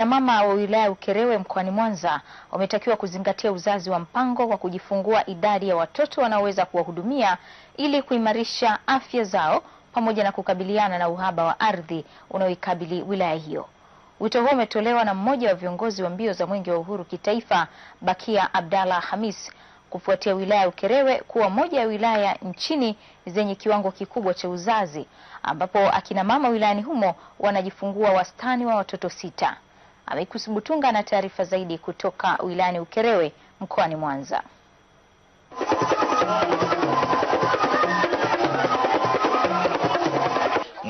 Kinamama wa wilaya ya Ukerewe mkoani Mwanza wametakiwa kuzingatia uzazi wa mpango wa kujifungua idadi ya watoto wanaoweza kuwahudumia ili kuimarisha afya zao pamoja na kukabiliana na uhaba wa ardhi unaoikabili wilaya hiyo. Wito huo umetolewa na mmoja wa viongozi wa mbio za Mwenge wa Uhuru kitaifa, Bakia Abdalla Hamis, kufuatia wilaya ya Ukerewe kuwa moja ya wilaya nchini zenye kiwango kikubwa cha uzazi ambapo akina mama wilayani humo wanajifungua wastani wa watoto sita. Amekus Mutunga na taarifa zaidi kutoka wilayani Ukerewe mkoani Mwanza.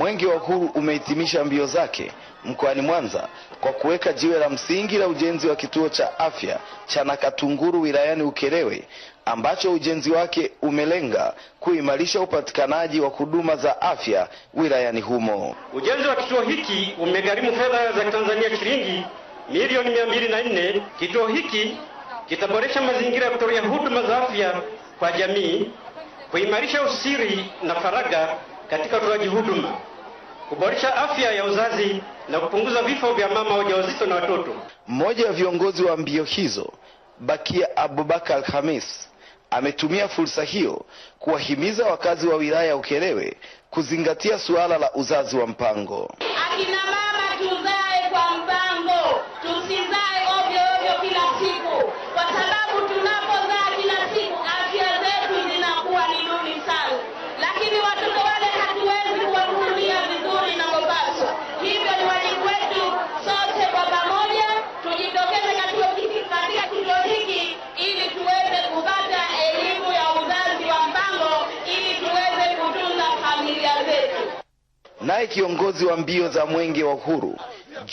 Mwenge wa Uhuru umehitimisha mbio zake mkoani Mwanza kwa kuweka jiwe la msingi la ujenzi wa kituo cha afya cha Nakatunguru wilayani Ukerewe ambacho ujenzi wake umelenga kuimarisha upatikanaji wa huduma za afya wilayani humo. Ujenzi wa kituo hiki umegharimu fedha za Tanzania shilingi milioni mia mbili na nne. Kituo hiki kitaboresha mazingira ya kutolea huduma za afya kwa jamii, kuimarisha usiri na faragha katika utoaji huduma kuboresha afya ya uzazi na kupunguza vifo vya mama wajawazito na watoto. Mmoja wa viongozi wa mbio hizo Bakia Abubakar Hamis ametumia fursa hiyo kuwahimiza wakazi wa wilaya ya Ukerewe kuzingatia suala la uzazi wa mpango. Akina mama tuzae kwa mpango, tusizae Naye kiongozi wa mbio za mwenge wa uhuru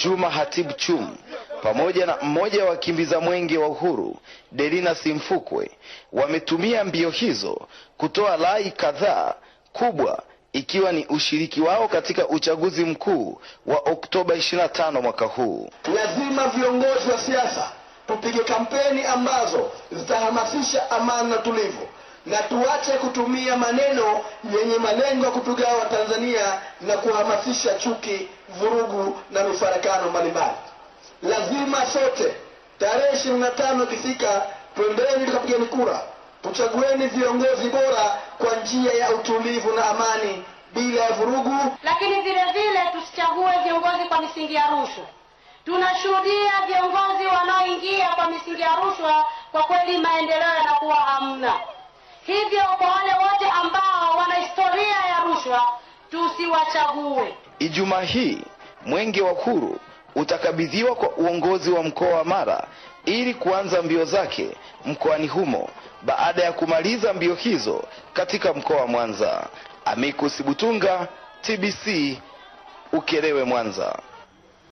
Juma Hatibu Chum pamoja na mmoja wa wakimbiza mwenge wa uhuru Delina Simfukwe wametumia mbio hizo kutoa rai kadhaa kubwa ikiwa ni ushiriki wao katika uchaguzi mkuu wa Oktoba 25 mwaka huu. Lazima viongozi wa siasa tupige kampeni ambazo zitahamasisha amani na tulivu na tuache kutumia maneno yenye malengo ya kutugawa Watanzania na kuhamasisha chuki, vurugu na mifarakano mbalimbali. Lazima sote tarehe ishirini na tano ikifika, twendeni tukapigani kura, tuchagueni viongozi bora kwa njia ya utulivu na amani bila ya vurugu. Lakini vile vile tusichague viongozi kwa misingi ya rushwa. Tunashuhudia viongozi wanaoingia kwa misingi ya rushwa, kwa kweli maendeleo yanakuwa hamna. Hivyo kwa wale wote ambao wana historia ya rushwa tusiwachague. Ijumaa hii mwenge wa uhuru utakabidhiwa kwa uongozi wa mkoa wa Mara ili kuanza mbio zake mkoani humo baada ya kumaliza mbio hizo katika mkoa wa Mwanza. Amikus Butunga, TBC, Ukerewe, Mwanza.